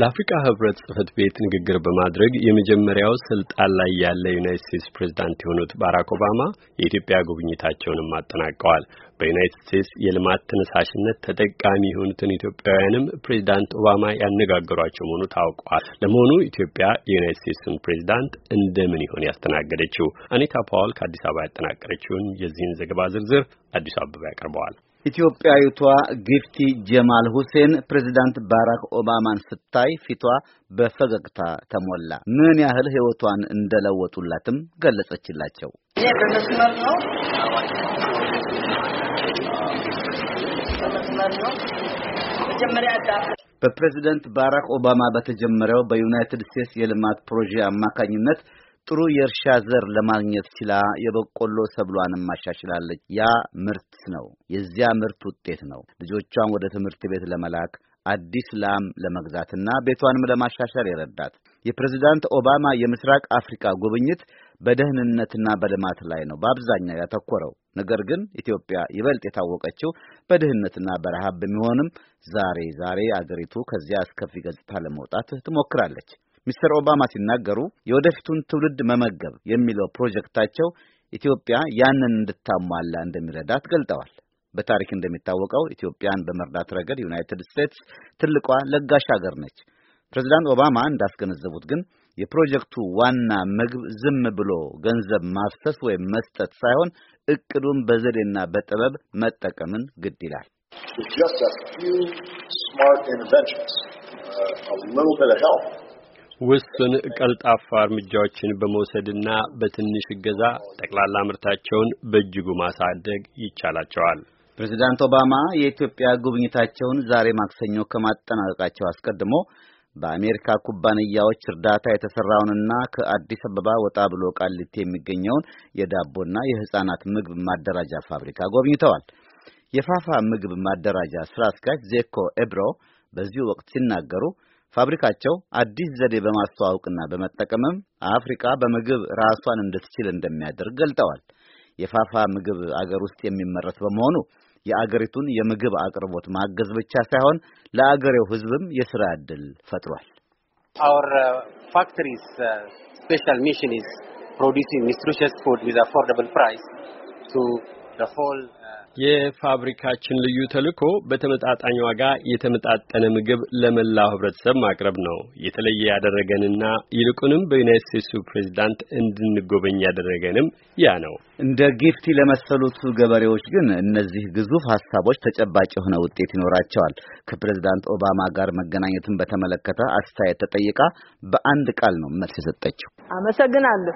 ለአፍሪካ ህብረት ጽህፈት ቤት ንግግር በማድረግ የመጀመሪያው ስልጣን ላይ ያለ ዩናይት ስቴትስ ፕሬዝዳንት የሆኑት ባራክ ኦባማ የኢትዮጵያ ጉብኝታቸውንም አጠናቀዋል። በዩናይትድ ስቴትስ የልማት ተነሳሽነት ተጠቃሚ የሆኑትን ኢትዮጵያውያንም ፕሬዚዳንት ኦባማ ያነጋገሯቸው መሆኑ ታውቋል። ለመሆኑ ኢትዮጵያ የዩናይት ስቴትስን ፕሬዚዳንት እንደምን ይሆን ያስተናገደችው? አኒታ ፓዋል ከአዲስ አበባ ያጠናቀረችውን የዚህን ዘገባ ዝርዝር አዲሱ አበባ ያቀርበዋል። ኢትዮጵያዊቷ ግፍቲ ጀማል ሁሴን ፕሬዚዳንት ባራክ ኦባማን ስታይ ፊቷ በፈገግታ ተሞላ። ምን ያህል ሕይወቷን እንደለወጡላትም ገለጸችላቸው። በመስመር በፕሬዚደንት ባራክ ኦባማ በተጀመረው በዩናይትድ ስቴትስ የልማት ፕሮጀክት አማካኝነት ጥሩ የእርሻ ዘር ለማግኘት ችላ የበቆሎ ሰብሏንም ማሻሽላለች። ያ ምርት ነው፣ የዚያ ምርት ውጤት ነው። ልጆቿን ወደ ትምህርት ቤት ለመላክ አዲስ ላም ለመግዛትና ቤቷንም ለማሻሻል የረዳት የፕሬዚዳንት ኦባማ የምስራቅ አፍሪካ ጉብኝት በደህንነትና በልማት ላይ ነው በአብዛኛው ያተኮረው። ነገር ግን ኢትዮጵያ ይበልጥ የታወቀችው በድህነትና በረሃብ በሚሆንም ዛሬ ዛሬ አገሪቱ ከዚያ አስከፊ ገጽታ ለመውጣት ትሞክራለች። ሚስተር ኦባማ ሲናገሩ የወደፊቱን ትውልድ መመገብ የሚለው ፕሮጀክታቸው ኢትዮጵያ ያንን እንድታሟላ እንደሚረዳት ገልጠዋል። በታሪክ እንደሚታወቀው ኢትዮጵያን በመርዳት ረገድ ዩናይትድ ስቴትስ ትልቋ ለጋሽ ሀገር ነች። ፕሬዚዳንት ኦባማ እንዳስገነዘቡት ግን የፕሮጀክቱ ዋና ምግብ ዝም ብሎ ገንዘብ ማፍሰስ ወይም መስጠት ሳይሆን እቅዱን በዘዴና በጥበብ መጠቀምን ግድ ይላል። It's just a few smart uh, a little bit of help. ውሱን ቀልጣፋ እርምጃዎችን በመውሰድና በትንሽ እገዛ ጠቅላላ ምርታቸውን በእጅጉ ማሳደግ ይቻላቸዋል። ፕሬዚዳንት ኦባማ የኢትዮጵያ ጉብኝታቸውን ዛሬ ማክሰኞ ከማጠናቀቃቸው አስቀድሞ በአሜሪካ ኩባንያዎች እርዳታ የተሰራውንና ከአዲስ አበባ ወጣ ብሎ ቃሊቲ የሚገኘውን የዳቦና የሕፃናት ምግብ ማደራጃ ፋብሪካ ጎብኝተዋል። የፋፋ ምግብ ማደራጃ ስራ አስኪያጅ ዜኮ ኤብሮ በዚሁ ወቅት ሲናገሩ ፋብሪካቸው አዲስ ዘዴ በማስተዋወቅና በመጠቀምም አፍሪካ በምግብ ራሷን እንድትችል እንደሚያደርግ ገልጠዋል። የፋፋ ምግብ አገር ውስጥ የሚመረት በመሆኑ የአገሪቱን የምግብ አቅርቦት ማገዝ ብቻ ሳይሆን ለአገሬው ሕዝብም የስራ ዕድል ፈጥሯል። አወር ስፔሻል ሚሽን ኢዝ ፉድ ዊዝ አፎርደብል ፕራይስ ቱ ዘ ሆል የፋብሪካችን ልዩ ተልእኮ በተመጣጣኝ ዋጋ የተመጣጠነ ምግብ ለመላው ህብረተሰብ ማቅረብ ነው። የተለየ ያደረገንና ይልቁንም በዩናይት ስቴትሱ ፕሬዚዳንት እንድንጎበኝ ያደረገንም ያ ነው። እንደ ጊፍቲ ለመሰሉት ገበሬዎች ግን እነዚህ ግዙፍ ሀሳቦች ተጨባጭ የሆነ ውጤት ይኖራቸዋል። ከፕሬዚዳንት ኦባማ ጋር መገናኘትን በተመለከተ አስተያየት ተጠይቃ በአንድ ቃል ነው መልስ የሰጠችው። አመሰግናለሁ።